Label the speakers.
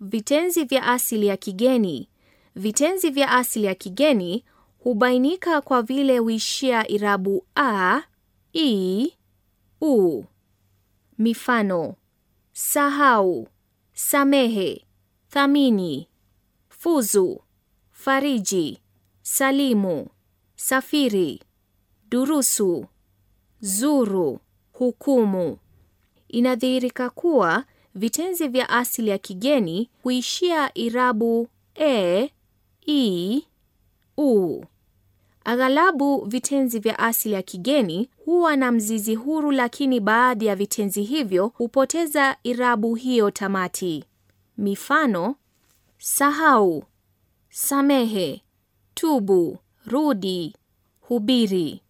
Speaker 1: Vitenzi vya asili ya kigeni. Vitenzi vya asili ya kigeni hubainika kwa vile huishia irabu a, i, u. Mifano: sahau, samehe, thamini, fuzu, fariji, salimu, safiri, durusu, zuru, hukumu. Inadhihirika kuwa Vitenzi vya asili ya kigeni huishia irabu e, i, u. Aghalabu vitenzi vya asili ya kigeni huwa na mzizi huru, lakini baadhi ya vitenzi hivyo hupoteza irabu hiyo tamati. Mifano: sahau, samehe, tubu,
Speaker 2: rudi, hubiri.